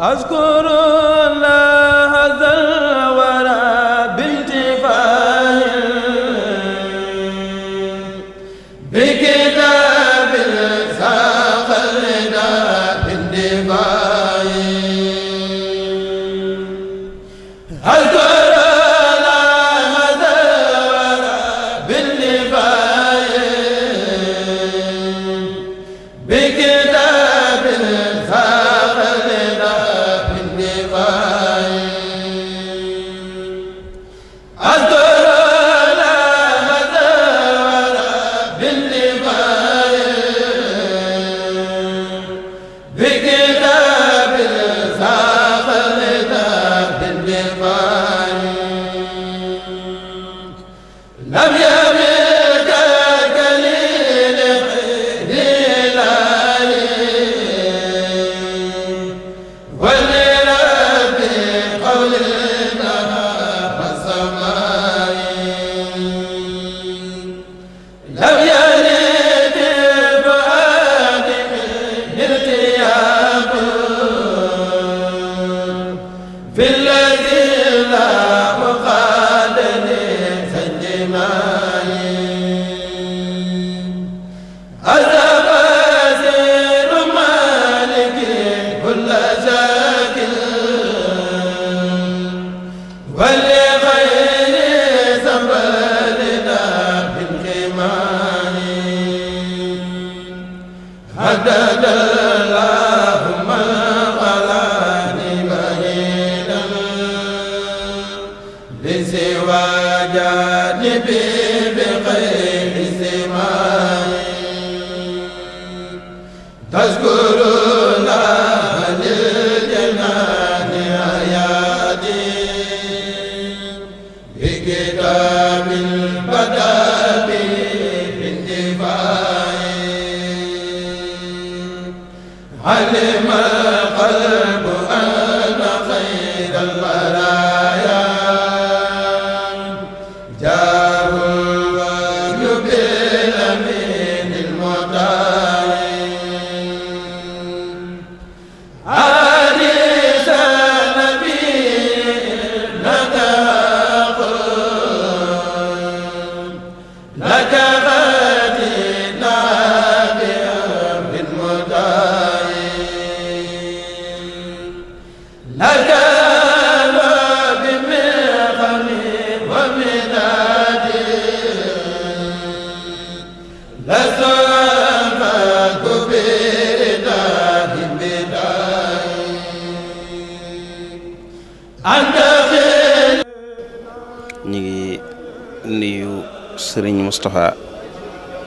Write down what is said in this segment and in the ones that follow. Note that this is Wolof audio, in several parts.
أذكر الله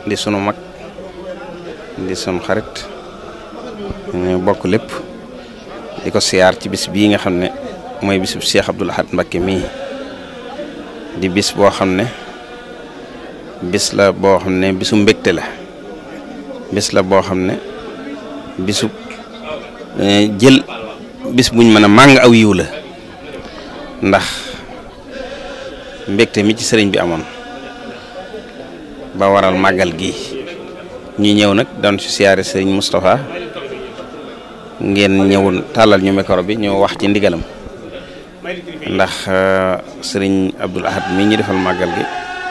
di sunu mag di sunu xarit ñu bokk lépp diko siar ci bis bi nga xamne moy mooy Cheikh Abdoul Ahad mbake mi di bis bo xamne bis la bo xamne bisu mbekté la bis la bo xamne bisu jël bis buñ mëna màng aw yiw la ndax mbekté mi ci serigne bi amone ba waral màggal gi ñu ñëw nag doon si siyaare sëriñ Moustapha ngeen ñëwoon tàllal ñu micro bi ñu wax ci ndigalam ndax euh, sëriñ Abdoul Ahad mi ñu defal màggal gi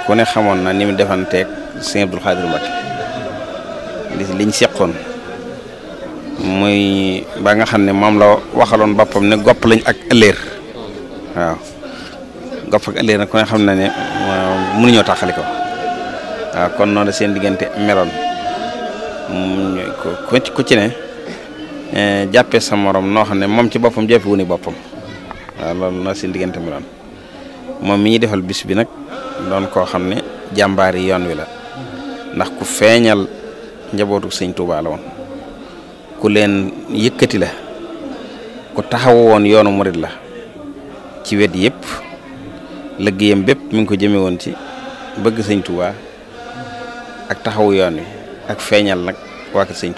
ku ne xamoon na ni mu defanteeg sëriñ Abdoul Khadir Mbacké liñ seqoon muy ba nga xam ne moom la waxaloon bappam ne gopp lañ ak ëllëer waaw gopp ak ëllëer nag ku ne xam na ne mënuñoo tàqali ko waaw ah, kon noonu la seen diggante meloon mm, ku ci ne eh, jàppee sa moroom noo xam ne moom ci boppam jàppe wu ni boppam waaw ah, loolu seen diggante meloon moom mi ñuy defal bis bi nag doon koo xam ne jàmbaar yi yoon wi la ndax ku feeñal njabootu sëñ Touba woon ku leen yëkkati la ku taxaw woon yoonu murit la ci wet yëpp liggéeyam bépp mi ngi ko jëme woon ci bëgg sëñ ak taxawu yoon wi ak feeñal nag waa kër sëñ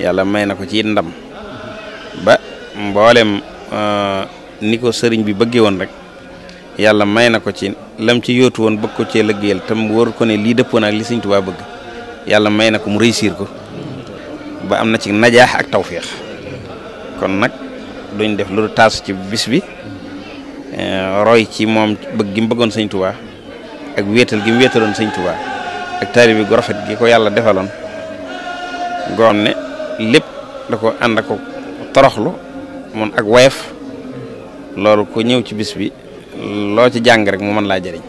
yàlla may na ko ci ndam ba mboolem euh, ni ko sëriñ bi bëggee woon rek yàlla may na ko ci lam ci yootu woon bëgg ko cee lëggéeyal tam wóor ko ne lii dëppoon ak li sëñ bëgg yàlla may na ko mu réussir ko ba am na ci najaax ak tawféex kon nag duñ def loolu taas ci bis bi euh, roy ci moom bëgg gi bëggoon sëñ ak wéetal gi mu wéetaloon sëñ Touba. ak taalibe gu rafet gi ko yàlla defaloon goom ne lépp da ko ànd ak toroxlu moom ak woyof loolu ko ñëw ci bis bi loo ci jàng rek mu mën laa jëriñ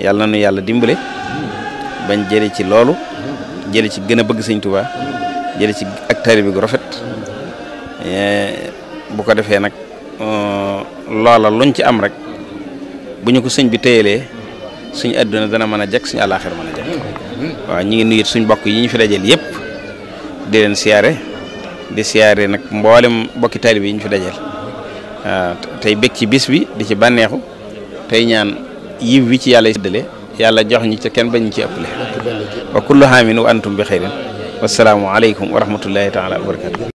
yàlla na nu yàlla dimbale bañ jële ci loolu jële ci gën a bëgg sëñ Tuubaa jële ci ak bi gu rafet eh, bu ko defee nag uh, loola luñ ci am rek bu ñu ko sëñ bi téyelee suñu àdduna dana mën a jekk suñu àllaaxira mën a waaw ñu ngi nuyu suñ mbokk yi ñu fi dajale yëpp di leen siyaare di siyaare nag mboolem bokki taalibe yi ñu fi dajale waaw tey bég ci bis bi di ci bànneexu tey ñaan yiw wi ci yàlla séddale yàlla jox ñu ca kenn bañ ñu ci ëppale wa kullu haamin wa antum bi xeyrin wasalaamu aleykum wa rahmatullahi taala wa barakatu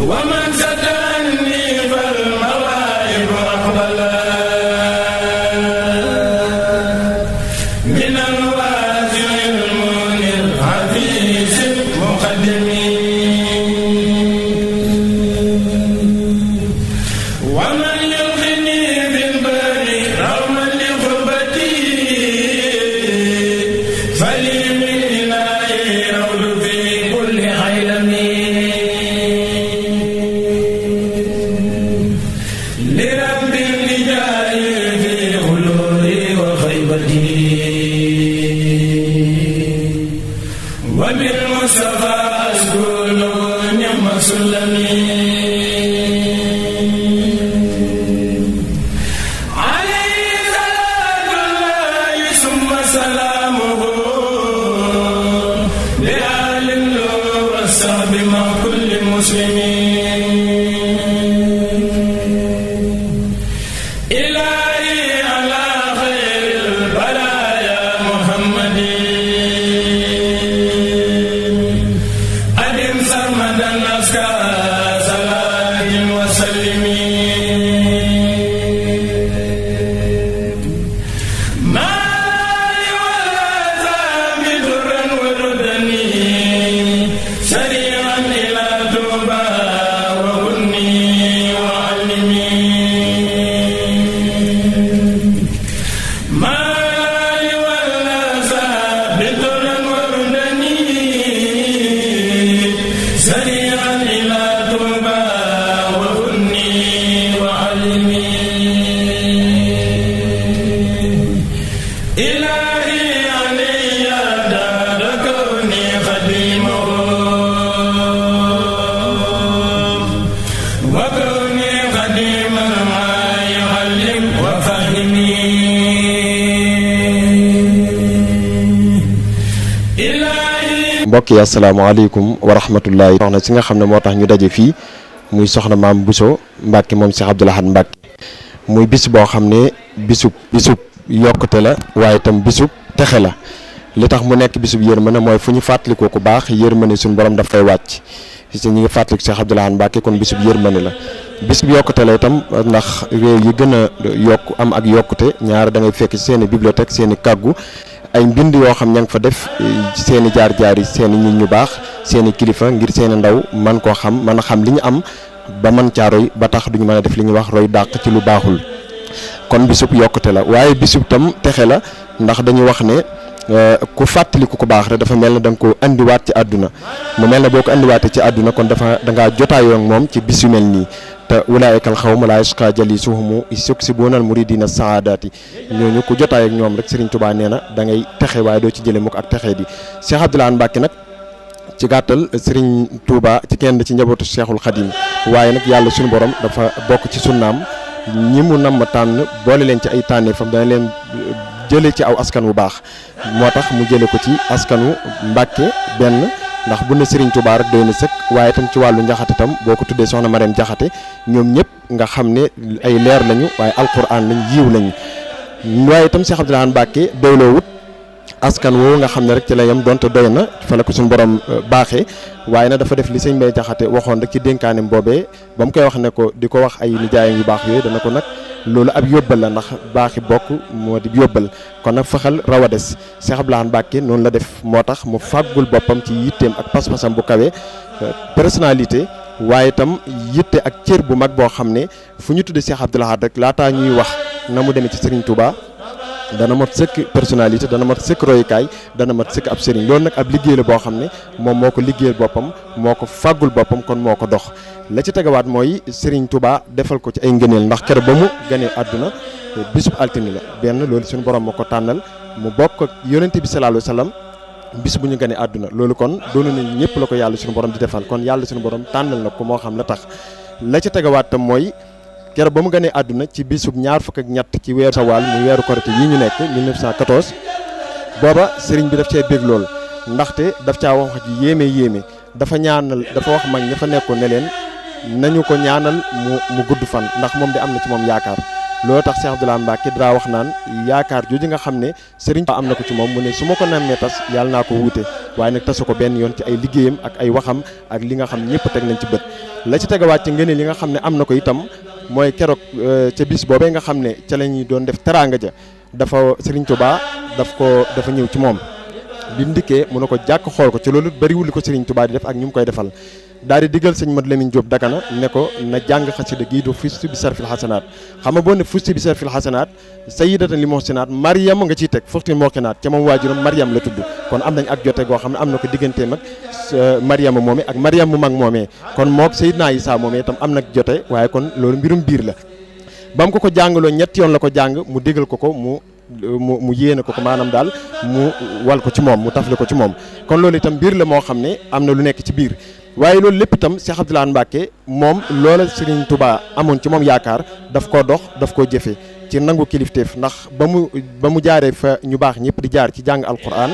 ومن زاد mbokk yi asalaamaaleykum wa rahmatullahi soxna si nga xam ne moo tax ñu daje fii muy soxna maam Bousso Mbacke moom Cheikh Abdoul Ahad Mbacke muy bis boo xam ne bisub bisub yokkute la waaye itam bisub texe la li tax mu nekk bisub yërmande mooy fu ñu fàttalikoo ku baax yërmande suñu borom daf fay wàcc si ñu ngi fàttaliku Cheikh Abdoul Ahad Mbacke kon bisub yërmande la bisub yokkute la itam ndax réew yi gën a yokk am ak yokkute ñaar da ngay fekk seen i bibliothèque seen i kàggu ay mbind yoo xam ña ngi fa def eh, seen i jaar-jaar yi seen i nit ñu baax seen kilifa ngir seen i ndaw man koo xam mën a xam li ñu am ba man caa roy ba tax duñu mën a def li ñuy wax roy dàq ci lu baaxul kon bisub yokkute la waaye bisub tam texe la ndax dañu wax ne eh, ku fàttaliku ku baax rek dafa mel na da ko indiwaat ci àdduna mu mel ne boo ko indiwaatee ci àdduna kon dafa da ngaa moom ci bis yu mel nii ulaayika alxawm laa yasqa jalisuhum yuksibuuna almuridina saadaati ñooñu ku jotaay ak ñoom rek Serigne Touba nee na da ngay texe waaye doo ci jële mukk ak texe di Cheikh Abdoulaye Mbacke nag ci gàttal Serigne Touba ci kenn ci njabootu Cheikhul Khadim waaye nag yàlla suñu borom dafa bokk ci su naam ñi mu namm tànn boole leen ci ay tànneefam dana leen jële ci aw askan wu baax moo tax mu jële ko ci askanu Mbacke benn ndax bu ne Serigne Touba rek doy na sëkk waaye itam ci wàllu njaxate tam boo ko tuddee soxna Mariam Jaxate ñoom ñëpp nga xam ne ay leer lañu waaye alquran lañ yiw lañ waaye itam Cheikh Abdoulaye Mbacke doyloo wut askan woowu nga xam ne rek ci la yem donte doy na fa la ko suñu borom euh, baaxee waaye nag dafa def li sëñ bay Jaxate waxoon rek ci dénkaanim boobee ba mu koy wax ne ko di ko wax ay nijaayam yu baax yooyu dana ko nag loolu ab yóbbal la ndax baaxi bokk moo di yóbbal kon nag faxal raw des des Cheikh Abdoulaye Mbacke noonu la def moo tax mu fàggul boppam ci yitteem ak pas-pasam bu kawe euh, personnalité waaye itam yitte ak cër bu mag boo xam ne fu ñu tuddee Cheikh Abdoulaye rek laataa ñuy wax na mu demee ci Serigne Touba. dana mat sëkk personnalité dana mat sëkk royukaay dana mat sëkk ab sëriñ loolu nag ab liggéey la boo xam ne moom moo ko liggéeyal boppam moo ko fàggul boppam kon moo ko dox la ci tegawaat mooy Serigne tubaa defal ko ci ay ngëneel ndax kere ba mu gënee àdduna bisub altine la benn loolu suñu borom moo ko tànnal mu bokk ak yonente bi sallallahu alayhi wasallam bu ñu gënee àdduna loolu kon doonu nañ ñëpp la ko yàlla suñu borom di defal kon yàlla suñu borom tànnal na ko moo xam la tax la ca tegawaat tam mooy keroog ba mu gënee àdduna ci bisub ñaar fukk ak ñett ci weeru sawaal muy weeru korite yi ñu nekk 1914 booba sëriñ bi daf cee bég lool ndaxte daf caa wax ji yéeme yéeme dafa ñaanal dafa wax mag ña fa nekkoon ne leen nañu ko ñaanal mu mu gudd fan ndax moom de am na ci moom yaakaar loolu tax Cheikh Abdoulaye Mbacke dara wax naan yaakaar jooju nga xam ne sëriñ am na ko ci moom mu ne su ma ko nammee tas yàlla naa ko wuute waaye nag tasu ko benn yoon ci ay liggéeyam ak waxam ak li nga xam ñëpp teg nañ ci bët la ci tegawaat ci ngeen li nga xam ne am na ko itam mooy keroog euh, ca bis boobee nga xam ne ca la ñuy doon def teraanga ja dafa Serigne tubaa daf ko dafa ñëw ci moom bi mu mu ne ko jàkk xool ko ci loolu bariwul ko Serigne Touba di def ak ñu mu koy defal daal di digal sëñ Mad Lamine Diop Dagana ne ko na jàng xasida gii du fusti bi sarfil xasanaat xam nga boo ne fusti bi sarfil xasanaat sayidatan li mohsinaat mariam nga ciy teg fuxti mookinaat ca moom waajuram mariam la tudd kon am nañ ak jote goo xam ne am na ko digganteem ak euh, mariama moome ak mariam mu mag moomee kon mook sayidnaa Isaa moomee itam am nag jote waaye kon loolu mbirum biir la ba mu ko ko jàngaloo ñetti yoon la ko jàng mu digal ko ko mu mu mu yéene ko ko maanaam daal mu wal ko ci moom mu tafle ko ci moom kon loolu itam biir la moo xam ne am na lu nekk ci biir waaye loolu lépp itam du Abdoul Ahad Mbacké moom loola Serigne tubaa amoon ci moom yaakaar daf koo dox daf koo jëfe ci nangu kilifteef ndax ba mu ba mu jaaree fa ñu baax ñëpp di jaar ci jàng alquran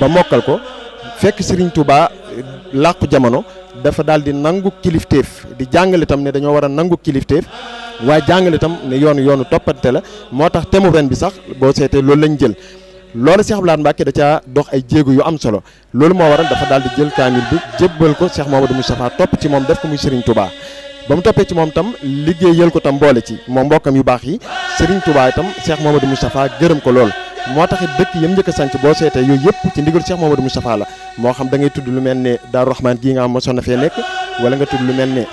ba mokkal ko fekk Serigne tubaa eh, làqu jamono dafa daal di nangu kilifteef di jàngale tam ne dañoo war a nangu kilifteef waaye jàngale tam ne yoonu yoonu toppante la moo tax thème ren bi sax boo seetee loolu lañ jël. loolu Cheikh Abdoulaye Mbacke da caa dox ay jéego yu am solo loolu moo waral dafa daal di jël kaamil bi jébbal ko Cheikh Mamadou Moustapha topp ci moom def ko muy Serigne tubaa ba mu toppee ci moom tam liggéeyal ko tam boole ci moom mbokkam yu baax yi Serigne tubaa itam Cheikh Mamadou Moustapha gërëm ko lool. moo taxit dëkk yam njëkk a sanc boo seetee yooyu yëpp ci ndigal Cheikh Mamadou Moustapha la moo xam da ngay tudd lu mel ne Daaru Rahman gi nga am mosoon na fee nekk wala nga tudd lu mel ne.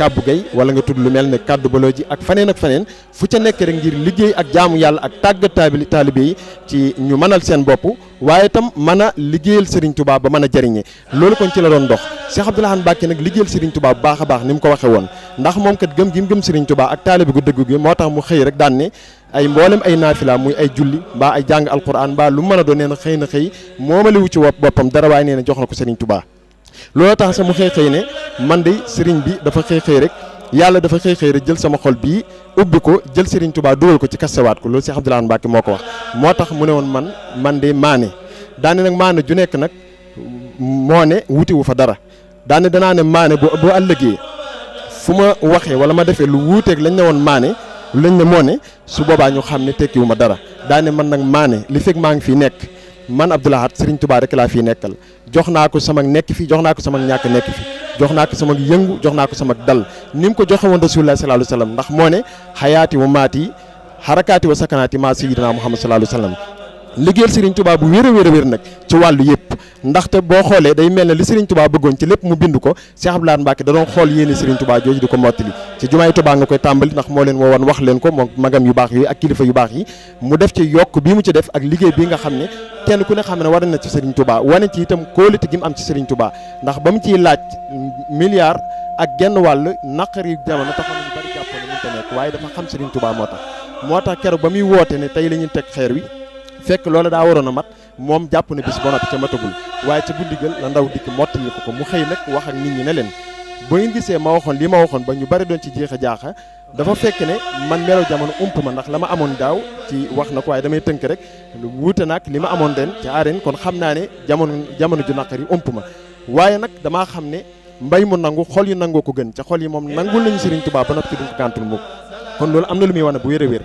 kàbbu gay wala nga tudd lu mel ne kàddu baloo ji ak faneen ak faneen fu ca nekk rek ngir liggéey ak jaamu yàlla ak tàggat taali taalibe yi ci ñu mënal seen bopp waaye itam mën liggéeyal Serigne Touba ba mën a jariñe loolu kon ci la doon dox Cheikh Abdou Lahad Mbacké nag liggéeyal Serigne Touba bu baax a baax ni mu ko waxee woon ndax moom kat gëm gi mu gëm Serigne Touba ak taalibe gu dëgg gi moo tax mu xëy rek daan ne ay mboolem ay naafila muy ay julli mbaa ay jàng alquran mbaa lu mu a doon nee na xëy na xëy moomaliwu ci boppam dara waaye nee na jox na ko Serigne Touba loolu tax man de sëriñ bi dafa xëy xëy rek yàlla dafa xëy xëy rek jël sama xol bii ubbi ko jël sëriñ Touba dugal ko ci kastewaat ko loolu Cheikh Abdoulaye Mbacke moo ko wax moo tax mu ne woon man man de maane daane nag maane ju nekk nag moo ne wuti fa dara daane danaa ne maane bu bu àllëgee fu ma waxee wala ma defee lu wuuteeg lañ ne woon maane lañ ne moo ne su boobaa ñu xam ne tekkiwu ma dara daane man nag maane li fekk maa ngi fi nekk man Abdou Lahad Serigne Touba rek laa fii nekkal jox naa ko sama nekk fi jox naa ko sama ñàkk nekk fi jox naa ko sama yëngu jox naa ko sama dal ni mu ko joxe woon rasulullah sallallahu alayhi wa sallam ndax moo ne xayaati wa maati xarakaati wa sakanaati maa sayyidina Muhammad sallallahu alayhi wa sallam liggéeyal Serigne tubaa bu wér a wér a wér nag ci wàllu yëpp ndaxte boo xoolee day mel na li Serigne tubaa bëggoon ci lépp mu bind ko Cheikh Abdoulaye Mbacke da doon xool yéene Serigne Touba jooju di ko mottali ci jumaay Touba nga koy tàmbali ndax moo leen woowoon wax leen ko moom magam yu baax yooyu ak kilifa yu baax yi mu def ci yokk bi mu ci def ak liggéey bi nga xam ne kenn ku ne xam ne war na ci Serigne Touba wane ci itam kóolite gi mu am ci Serigne Touba ndax ba mu ciy laaj milliard ak genn wàll naqari jamono taxoon ñu bari jàppoon waaye dafa xam Serigne Touba moo tax moo tax keroog ba muy woote ne tey la ñuy teg xeer wi fekk loolu daa waroon a mat moom jàpp na bis ba noppi ca matagul waaye ca guddigal la ndaw dikk mottali ko ko mu xëy nag wax ak nit ñi ne leen ba ngeen gisee ma waxoon li ma waxoon ba ñu bari doon ci jeex a jaaxa dafa fekk ne man melo jamono ump ma ndax la ma amoon daaw ci wax na ko waaye damay tënk rek wuute nag li ma amoon den ca arène kon xam naa ne jamono jamono ju naqari ump ma waaye nag damaa xam ne mbay mu nangu xol yu nangoo ko gën ca xol yi moom nangul nañu Serigne Touba ba noppi duñ ko gàntul loolu am na lu muy wane bu wér a wér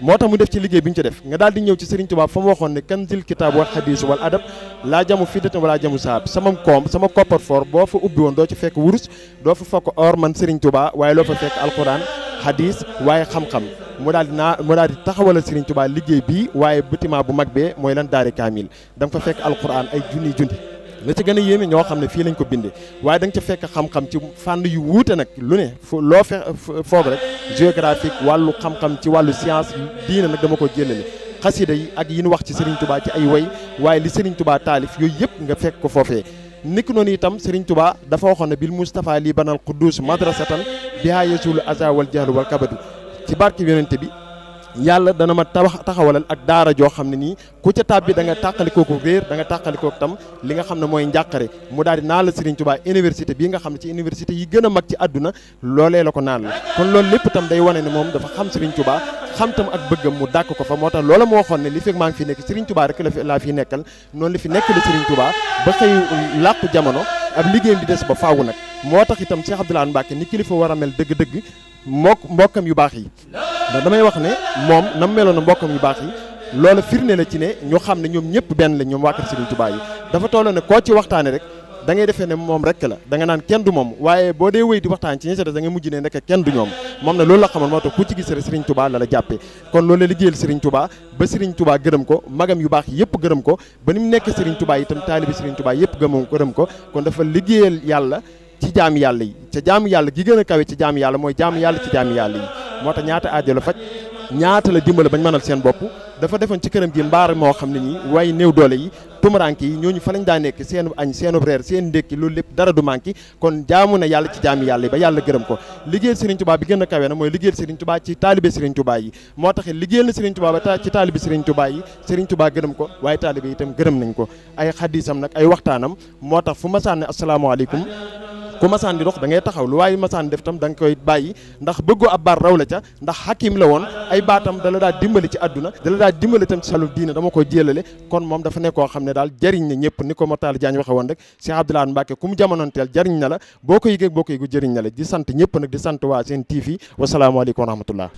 moo tax mu def ci liggéey bi ñu ci def nga daal di ñëw ci Serigne Touba fa mu waxoon ne kanzil kitaab wal xadiis wal adab laa jamu fiidatan wala jamu saab sama koom sama coffre-fort boo fa ubbi woon doo ci fekk wurus doo fa fekk or man Serigne Touba waaye loo fa fekk alquran xadiis waaye xam-xam mu daal di naa mu daal di taxawalal Serigne Touba liggéey bii waaye bâtiment bu mag bee mooy lan daari kaamil da nga fa fekk alquran ay junni junni la ci gën a yéeme ñoo xam ne fii lañ ko bindee waaye danga ca fekk xam-xam ci fànn yu wuute nag lu ne fo loo fe foog rek géographique wàllu xam-xam ci wàllu science diine nag dama ko jëlale xasida yi ak yi nu wax ci Serigne tubaa ci ay woy waaye li Serigne tubaa taalif yooyu yëpp nga fekk ko foofee. nekk noonu itam Serigne tubaa dafa waxoon ne bil Moustapha lii banal quddus madrasatan bihaa yasulu aza wal jahlu wal kabadu ci barke yonente bi yàlla dana ma tabax taxawalal ak daara joo xam ne nii ku ca tàbbi da nga tàqalikooku réer da nga tàqalikooku tam li nga xam ne mooy njàqare mu daal di naa la Serigne Touba université bii nga xam ne ci université yi gën a mag ci àdduna loolee la ko naan la kon lool lépp tam day wane ne moom dafa xam Serigne Touba xam tam ak bëggam mu dàkk ko fa moo tax loola moo waxoon ne li fekk maa ngi fi nekk Serigne Touba rek fi laa fi nekkal noonu li fi nekk la Serigne Touba ba xëy jamono ak liggéeyam di des ba faawu nag moo tax itam Cheikh Abdoulaye Mbacke ni kilifa war a mel dëgg-dëgg mook mbokkam yu baax yi ndax damay wax ne moom na nam meloon mbokkam yu baax yi loola firnde la ci ne ñu xam ne ñoom ñëpp benn la ñoom waa kër Serigne Touba yi dafa toll ne koo ci waxtaane rek da ngay defee ne moom rek la da nga naan kenn du moom waaye boo dee wéy di waxtaan ci ñi ci des mujj ne nekk kenn du ñoom moom na loolu la xamal moo tax ku ci gis rek Serigne la la jàppee kon loolu la liggéeyal Serigne Touba ba Serigne Touba gërëm ko magam yu baax yëpp gërëm ko ba ni mu nekk Serigne Touba itam taalibi Serigne Touba yëpp gëmoo gërëm ko kon dafa liggéeyal yàlla ci jaami yàlla yi ca jaami yàlla gi gën a kawe ci jaami yàlla mooy jaami yàlla ci jaami yàlla yi moo tax ñaata aajo la faj ñaata la dimbale bañ mënal seen bopp dafa defoon ci këram gi mbaar moo xam ne ñi waaye néew doole yi tumuranke yi ñooñu fa lañ daa nekk seen añ seenu reer seen ndékki loolu lépp dara du manqué kon jaamu na yàlla ci jaami yàlla yi ba yàlla gërëm ko liggéeyal Serigne Touba bi gën a kawe na mooy liggéeyal Serigne Touba ci taalibe Serigne Touba yi moo tax liggéeyal na s Touba ba ci taalibe Serigne Touba yi Serigne Touba ko waaye taalibe itam gërëm nañ ko ay xadisam nag ay waxtaanam moo tax fu ma sànne asalaamaaleykum ku masaan di dox da ngay taxaw lu waaye masaan def tam da nga koy bàyyi ndax bëggoo ab baar raw la ca ndax xakim la woon ay baatam dala daa dimbali ci àdduna dala daa dimbali tam ci wàllu diine dama ko jélale kon moom dafa nekk koo xam ne daal jëriñ na ñëpp ni ko Matar Diagne waxe woon rek Cheikh Abdoulaye Mbacke ku mu jamonoonteel jëriñ na la boo ko yëgee boo ko yëgu jëriñ na la di sant ñëpp nag di sant waa seen TV wasalaamaaleykum wa rahmatullah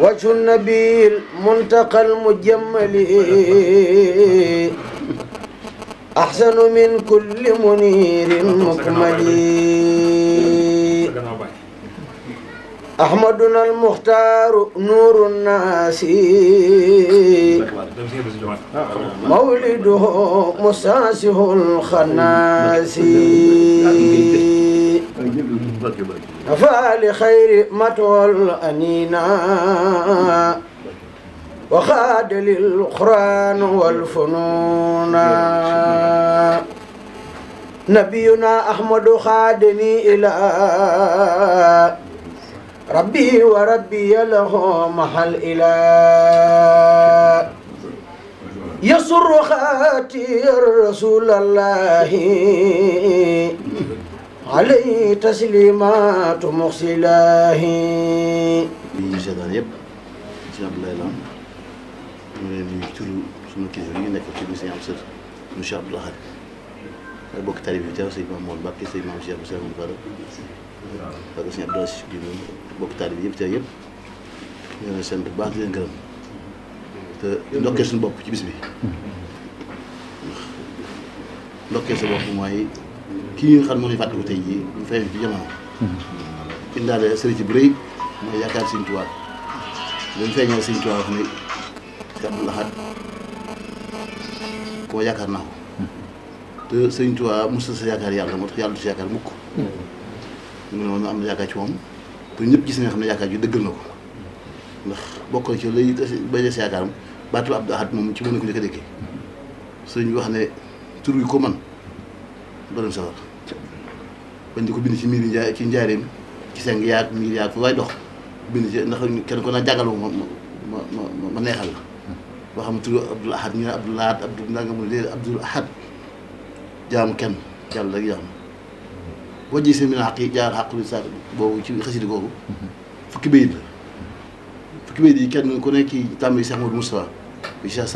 وجه النبي المنتقى المجمل أحسن من كل منير مكمل أحمدنا المختار نور الناس مولده مساسه الخناسي فالخير مطول أنينا وخاد للقرآن والفنون نبينا أحمد خادني إلى ربي وربي له محل إلى يسر خاتي رسول الله عليه تسليمات مخصي الله ñu seetaan yëpp ci Abdoulaye Lam ñu leen di nuyu turu sunu kilifa yi nekk ci sëñ am sër ñu Cheikh Abdoul Ahad ak bokk tari bi teew sëñ Maam Moon Mbàkke sëñ Maam Cheikh Moussa Moon Fara ak sëñ Abdoulaye Sy bi moom bokk tari bi yëpp teew yëpp ñu leen sant bu baax di leen gërëm te ndokkee suñu bopp ci bis bi ndokkee sa bopp mooy kii nga xam ne moo ñu fàttaliku tey jii ñu fay ci jamono. Mhm. indaale sëriñ ci bu rëy mooy yaakaar Sëriñ Tuubaa bu ñu feeñee Sëriñ Tuubaa wax ne jàpp laxaat koo yaakaar naa ko mhm. te Sëriñ Tuubaa mosul sa yaakaar yàlla moo tax yàlla du si yaakaar mukk mhm. mu ne moom am na yaakaar ci moom te ñëpp gis nga xam ne yaakaar ju dëggal na ko ndax bokk na ci lay bay des ko njëkk a déggee sëriñ bi wax ne tur wi ko man doo dem safar bañ di ko bind ci miir njaay ci njaareem ci seng yaag miir yaag fu waay dox bind ci ndax kenn ko naa jàngaloo ma ma ma ma boo xam ne tudd Abdul Ahad ñu ne Abdul Ahad Abdul nanga mu léegi Abdul kenn yàlla rek jaam wajji seen mina xaq yi jaar xaquli sar fukki bayit yi kenn ku nekk ci tàmbali Cheikh Modou Moustapha bi Cheikh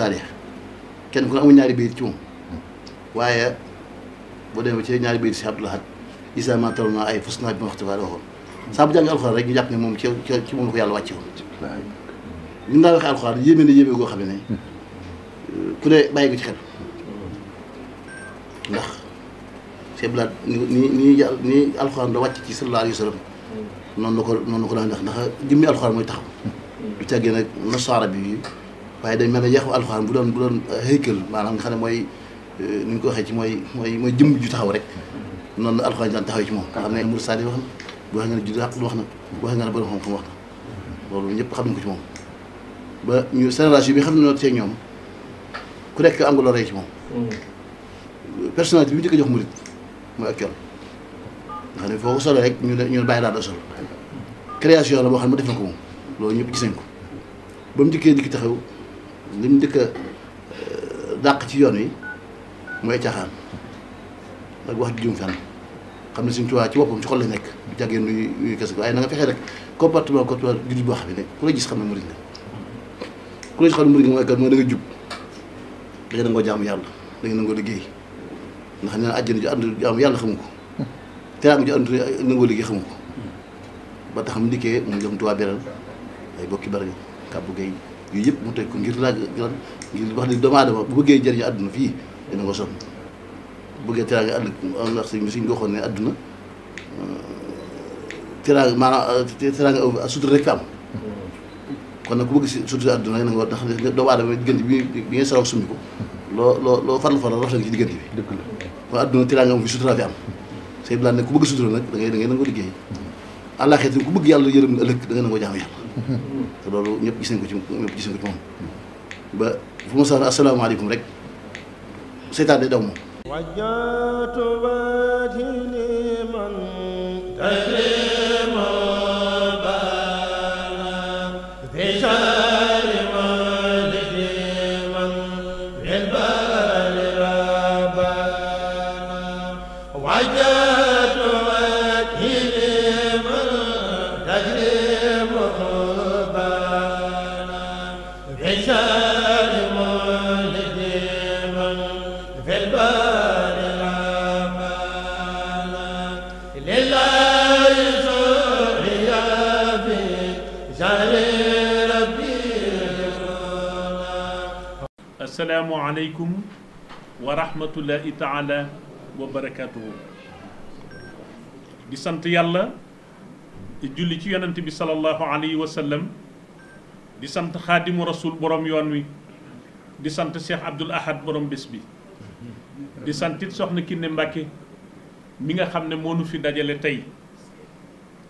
ku ne amul ñaari bayit ci waaye boo demee ci ñaari bayit Cheikh Abdul إذا ما ترونا أي فصنا بمختبرهم سابجا الأخرى رجع جابني مم كي كي كي مم خيال واتيهم من دار خيال خار يمين يبي يقول خبيني كده ما يقول خير نعم. لا سيبلا ني ني ني ني الخار دوات كي صلى الله عليه وسلم نون عندك نخ جميع الخار ما يتخو بتجينا نص عربي فهذا ما نجح الخار بدون بدون هيكل ما نخلي ماي نقول هاي ماي ماي ماي جم جتها ورك noonu la alxuraan daan ci moom nga xam ne mur sadi wax na bu waxee nga ne judd àq na bu waxee nga ne borom xam-xam wax ñëpp xam nañ ci moom ba ñu génération bi xam ne noo ñoom ku nekk am nga loo rey mm. bi ñu jëkk jox murit mooy ak col ne foo ko rek ñu ñu bàyyi daal da sol création la boo xam ne mu def na ko moom loolu ñëpp gis nañ ko ba mu njëkkee dikki taxaw li mu njëkk a euh, dàq ci yoon wi mooy caaxaan ak wax juum fan xamna seigne touba ci boppam ci xol la nek bu jàggee nuy nuy kess ko ay na nga fexé rek comportement comportement judi boo xam ne ku la gis xam ne murid nga la ko xam xamna murid nga mooy kan, mo da nga djub da nga ngo jam yalla da nga ngo liggey ndax nee na àjjana ju andu jam yalla xam ko teram ju ànd nangoo liggey xam ko ba tax mu dikkee mu jëm touba beral ay bokki ka bu gey yu yep mu teg ko ngir la ngir wax ni dama dama bu bëggee jëriñu àdduna fii dina ko sopp bëggee teraanga ëllëg ndax sëñ bi suñ waxoon ne adduna teraanga maanaam teraanga sutura kon nag ku bëgg si sutura na nga xam ne doomu aadama diggante bi loo loo loo farlu farlu rafet ci diggante bi kon adduna teraanga am fi sutura fi am sëñ bi nag ku bëgg nag da ngay da ngay nangoo liggéey àllaaxee ku bëgg yàlla yërëm ëllëg da ngay nangoo jaamu yàlla loolu ñëpp gis nañ ko ci moom ba fu ma sax asalaamaaleykum rek seytaan daw moom I Vajjato Vajjato aleykum wa rahmatullahi taala wa barakaatuhu di sant yàlla julli ci yonent bi sallallahu alayhi wa sallam di sant xaadimu rasul borom yoon wi di sant Cheikh Abdoul Ahad borom bés bi di santit soxna Kiné Mbàkke mi nga xam ne moo nu fi dajale tey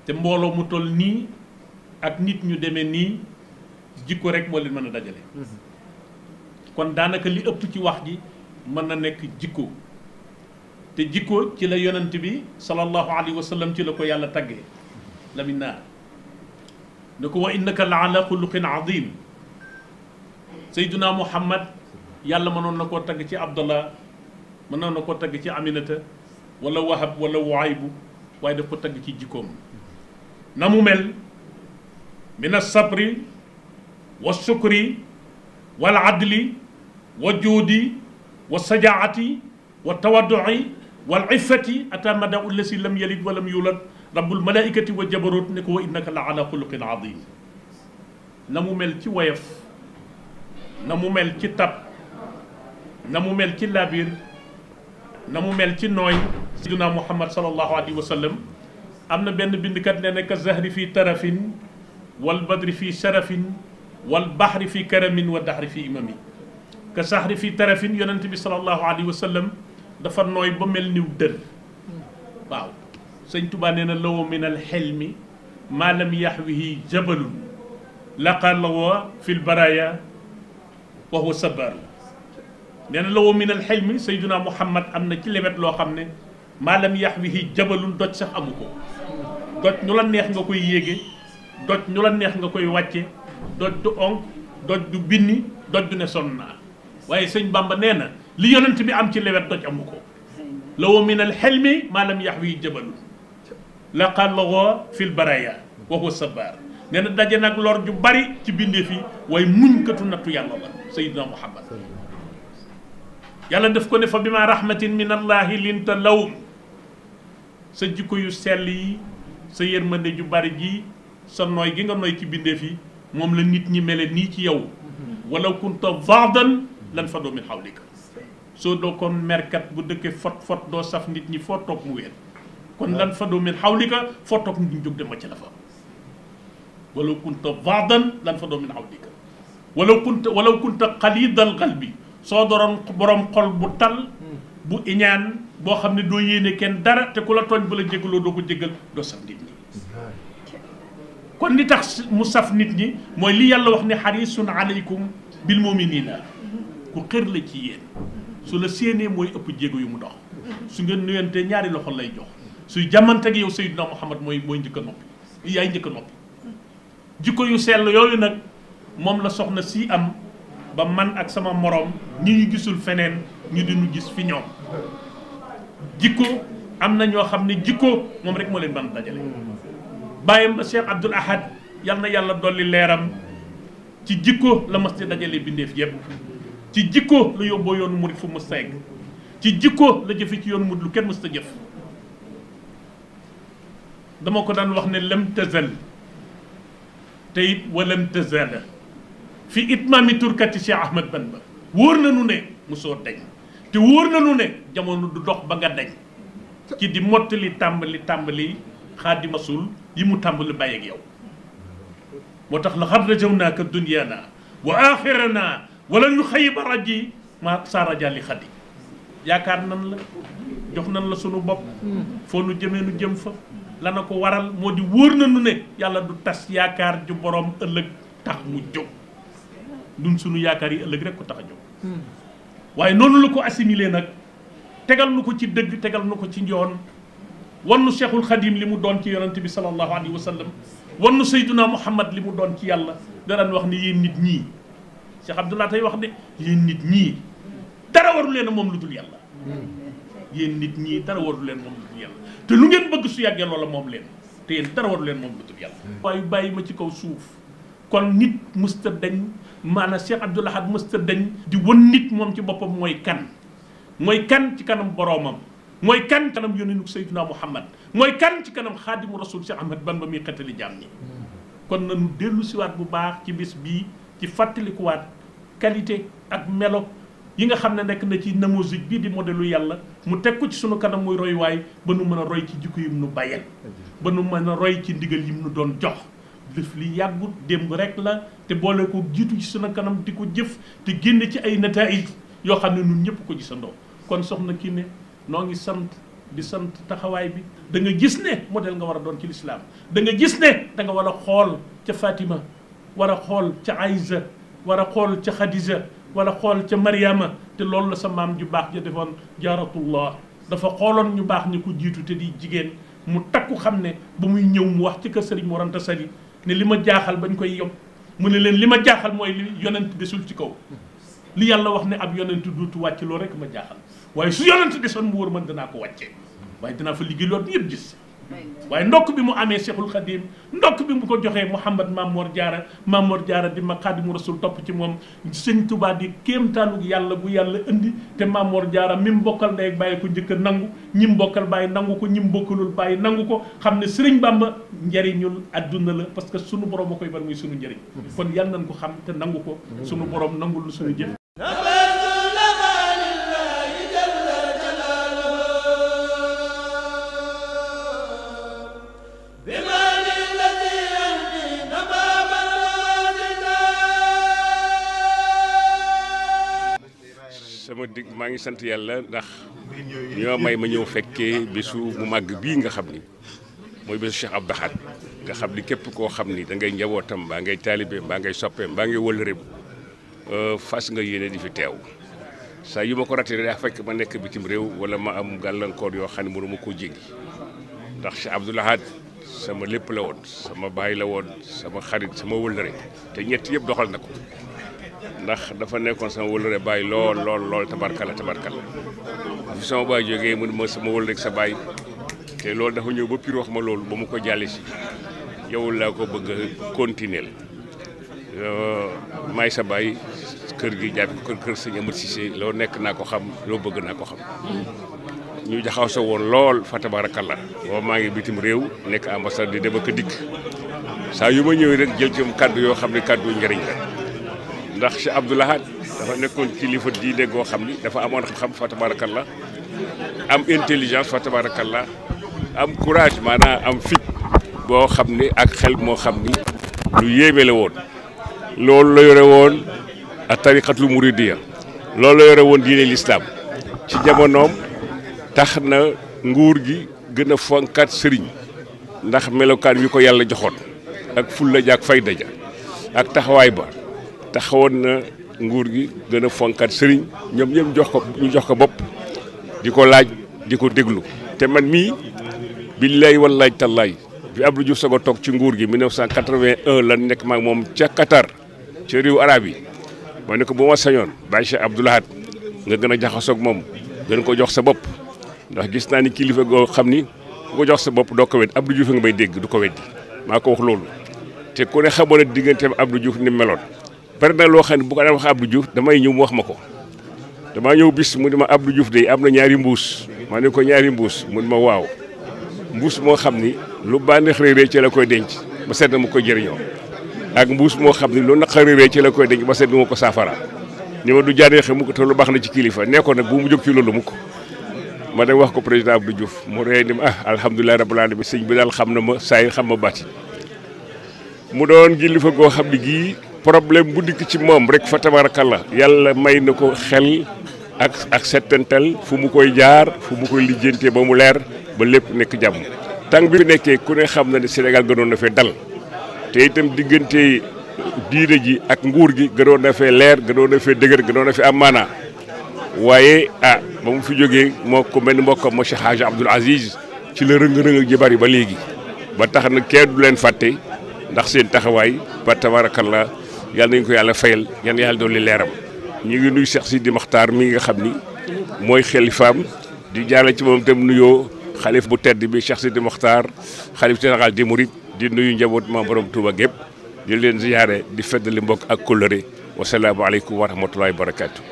te mbooloo mu toll nii ak nit ñu demee nii jikko rek moo leen mën a dajale kon danaka li ëpp ci wax gi mën na nekk jikko te jikko ci la yonent bi sallallahu alayhi wa sallam ci la ko yàlla taggee lamin naar ne ko wa innaka la ala xuluqin azim sayduna muhammad yàlla mënoon na koo tagg ci abdallah mënoon na koo tagg ci aminata wala wahab wala waaybu waaye daf ko tagg ci jikkoom na mu mel min asabri wa shukri wal adli وجودي والسجاعة والتودع والعفة أتى مدى الذي لم يلد ولم يولد رب الملائكة والجبروت نكو إنك لعلى خلق عظيم نمو مل ويف نمو مل تي تاب نمو مل لابير نمو مل نوي سيدنا محمد صلى الله عليه وسلم أمنا بين بندكات نانك الزهر في طرف والبدر في شرف والبحر في كرم والدحر في إمامي كسحر في طرفين ينتمي صلى الله عليه وسلم دفع نوي بمل نودر واو سين توبا نينا لو من الحلم ما لم يحوه جبل لقى لو في البرايا وهو صبر نينا لو من الحلم سيدنا محمد امنا كي ليبت لو خامني ما لم يحوه جبل دوت سخ اموكو دوت نولا نيه نكاي ييغي دوت نولا نيه نكاي واتي دوت دو اون دوت دو بيني دوت دو نسون نار waye seigne bamba neena li yonent bi am ci lewet doj amu ko law min al hilmi ma lam yahwi jabal la xàlloo fil baraya wa huwa sabar neena dajje nak lor ju bari ci binde fi waaye muñ katu natu yàlla ba sayidna muhammad yàlla def ko ne fa bima rahmatin min allah linta lawum sa jikko yu sel yi sa yërmande ju bari ji sa noy gi nga noy ci binde fi mom la nit ñi mele ni ci yow wala kunta vaadan lan fa do min hawlika so do kon merkat bu deuke fot fot do saf nit ñi fo toog mu wet kon lan fa do min hawlika fo toog ñu jóg dem ci la fa walaw kunta vaadan lan fa do min hawlika walaw kunta walaw kunta xalidal xalbi soo doroon borom xol bu tal bu iñaan bo xam do yene ken dara te kula togn bu la jégaloo do ko jégal do saf nit ñi kon li tax mu saf nit ñi mooy li yàlla wax ne xarisun alaykum bil muminina ku xër la ci yéen su la séenee mooy ëpp jéego yu mu dox su ngeen nuyantee ñaari loxo lay jox su jamante gi yow Seydina Muhammad mooy mooy njëkk a noppi yaay njëkk a noppi jikko yu sell yooyu nag moom la soxna si am ba man ak sama moroom ñi ñu gisul feneen ñu di gis fi ñoom jikko am na ñoo xam ne jikko moom rek moo leen ban dajale bàyyam Cheikh Abdoul Ahad yal na yàlla dolli leeram ci jikko la mas di dajale bindeef yépp ci jikko la yóbboo yoon murit fu mu segg ci jikko la jëfe ci yoon murit lu kenn mës jëf dama ko daan wax ne lam tazal te it walam tazala fi itmami turkati Cheikh Ahmed Bamba wóor na nu ne musoo dañ te wóor na nu ne jamono du dox ba nga dañ ci di mottali tàmbali tàmbali xaadima sul yi mu tàmbali bàyyi yow moo tax la xad rajaw wa aaxira wala yu xëyiba raj yi ma saa rajalli xaddi yaakaar nan la jox nan la sunu bopp foo nu jëmee nu jëm fa la na ko waral moo di wóor na ne yàlla du tas yaakaar ju boroom ëllëg tax mu jóg nun sunu yaakaar yi ëllëg rekk ko tax a jóg waaye noonu la ko assimilé nag tegal nu ko ci dëgg tegal nu ko ci njoon wannu cheikhul xadim li mu doon ci yonante bi sallallahu alayhi wa sallam wannu sayduna muhammad li mu doon ci yàlla daraan wax ne yéen nit ñii cheikh abdullah tay wax ni yeen nit ñi dara waru leen mom luddul yalla yeen nit ñi dara waru leen mom luddul yalla te lu ngeen bëgg su yagge loolu mom leen te yeen dara waru leen mom luddul yalla way bayyi ma ci kaw suuf kon nit musta dañ mana cheikh abdul had musta dañ di won nit mom ci bopam moy kan moy kan ci kanam boromam moy kan kanam yoninuk sayyidina muhammad moy kan ci kanam khadim kan rasul cheikh ban ba mi xetali jamni kon nañu delu ci wat bu baax ci bis bi ci fatali wat qualité ak melo yi nga xam ne nekk na ci namousik bi di modelu yàlla mu teg ko ci sunu kanam muy royuwaay waay ba nu mën a roy ci jikko yim mu bàyyel ba nu mën a roy ci ndigal yim nu doon jox lëf li yàggut démb rek la te boole ko jiitu ci sunu kanam di ko jëf te génne ci ay nataayij yoo xam ne nun ñëpp ko gisandoo kon soxna kii ne noo ngi sant di sant taxawaay bi da nga gis ne modèle nga war a doon ci lislaam da nga gis ne da nga war a xool ca Fatima war a xool ca Aïsa war a xool ca Khadija war a xool ca Mariama te loolu la sa maam ju baax ja defoon jaaratullah dafa xooloon ñu baax ñu ko jiitu te di jigéen mu takku xam ne ba muy ñëw mu wax ci kër Serigne Mor Anta Sali ne li ma jaaxal bañ koy yob mu ne leen li ma jaaxal mooy li yonent desul ci kaw li yàlla wax ne ab yonent duutu wàcc loolu rek ma jaaxal waaye su yonent desoon mu wóor man danaa ko wàccee waaye danaa fa liggéey loolu yëpp gis waaye ndokk bi mu amee Cheikhul Khadim ndokk bi mu ko joxee Mouhamad Mamor Diarra Mamor Diarra di ma Xaadimu Rasul topp ci moom sëñ Tuubaa di kéemtaanug yàlla bu yàlla indi te Mamor Diarra mi mu bokkal ndey ak bàyyi ko njëkk nangu ñi mu bokkal bàyyi nangu ko ñi mu bokkalul bàyyi nangu ko xam ne Sëriñ Bàmba njëriñul adduna la parce que sunu borom a koy bar muy sunu njëriñ mm-hmm. kon yàlla nañ ko xam te nangu ko sunu boroom nangul lu sunu jëf maa ngi sant yalla ndax ño may ma ñew fekke bisu mu mag bi nga xamni moy bisu Cheikh Abdou nga xamni kep ko xamni da ngay njabotam ba ngay talibé ba ngay soppeem ba ngay euh fas nga yéene di fi teew sa yu ko rattee fekk ma nekk bitim rew wala ma am galankor yo xamni ne mënuma jéggi ndax Cheikh Abdou sama lepp la won sama bay la won sama xarit sama wëllëre te ñett yëpp doxal nako ndax dafa nekkoon sama wëlëre bàyyi lool lool lool tabarkala tabarkala fi sama baay jógee mu ma sama wëlëre sa baay te loolu dafa ñëw ba pir wax ma loolu ba mu ko jàlli si yow laa ko bëgg a continuer may sa baay kër gi jàpp kër kër sëñ Amat Sise loo nekk naa ko xam loo bëgg naa ko xam ñu jaxaw sa woon lool fa la boo maa ngi bitim réew nekk ambassade di dem ak a dikk saa yu ma ñëwee rek jël ci kàddu yoo xam ne kàddu njariñ la ndax Cheikh Abdou dafa nekkoon kilifa diine goo xam ni dafa amoon xam-xam fa tabarakallah am intelligence fa tabarakallah am courage maanaam am fit boo xam ni ak xel moo xam ni lu yéeme woon loolu la yore woon a tariqatul muridiya loolu la yore woon diine lislaam ci jamonoom tax na nguur gi gën a fonkaat sëriñ ndax melokaan wi ko yàlla joxoon ak fulla ja ak fayda ja ak taxawaay ba taxawoon na nguur gi gën a fonkat sëriñ ñoom ñëpp jox ko ñu jox ko bopp di ko laaj di ko déglu te man mii billaay wallaay tallaay bi Abdou Diouf soog a toog ci nguur gi 1981 la nekk maak moom ca Qatar ca réew arab yi ma ne ko bu ma sañoon Baye Cheikh Abdou nga gën a jaxasoog moom gën ko jox sa bopp ndax gis naa ni kilifa goo xam ni ku ko jox sa bopp doo ko wedd Abdou Diouf nga may dégg du ko weddi maa ko wax loolu te ku ne xamoon ne digganteem Abdou Diouf ni meloon bari na loo xam ne bu ko daan wax Abdou Diouf mu wax ma ko damaa ñëw bis mu ne ma ab Abdou Diouf de am na ñaari mbuus ma ne ko ñaari mbuus mu ne ma waaw mbuus moo xam ni lu bànneex réeré ci la koy denc ba seet na ma koy jëriñoo ak mbuus moo xam ni lu naqar réeré ci la koy denc ba seet na ma ko saafara ni ma du jaaree mu ko te lu baax na ci kilifa nekkoon nag bu mu jóg ci loolu mukk ma dem wax ko président Abdou Diouf mu ree ni ma ah alhamdulilah rabbil alamin bi daal xam na ma saa xam ma bàtti problème bu dikk ci moom rek fa tabarakallah yalla may na ko xel ak ak fu mu koy jaar fu mu koy lijjantee ba mu leer ba lépp nekk jam tàng bi nekkee ku ne xam na ni Sénégal gënoon na fee dal te itam diggante diine ji ak nguur gi gënoon na fee leer gënoon na fee dëgër gënoon na fi am waaye ah ba mu fi jógee moo ko mel ni mbokkam monsieur Hadj Abdoul Aziz ci la rëng-rëng ji ba léegi ba tax na kenn du leen fàtte ndax seen taxawaay ba tabarakallah yàlla nañu ko yàlla fayal yan yàlla dolli leeram ñu ngi nuyu Cheikh di Maxtaar mi nga xam ni mooy xelifaam di jaarale ci moom itam nuyoo xalif bu tedd bi Cheikh Sidi Maxtaar xalif général di murit di nuyu njaboot ma borom Touba gépp di leen ziyaare di feddali mbokk ak kóllëre wasalaamu aleykum wa rahmatullahi wa barakaatu.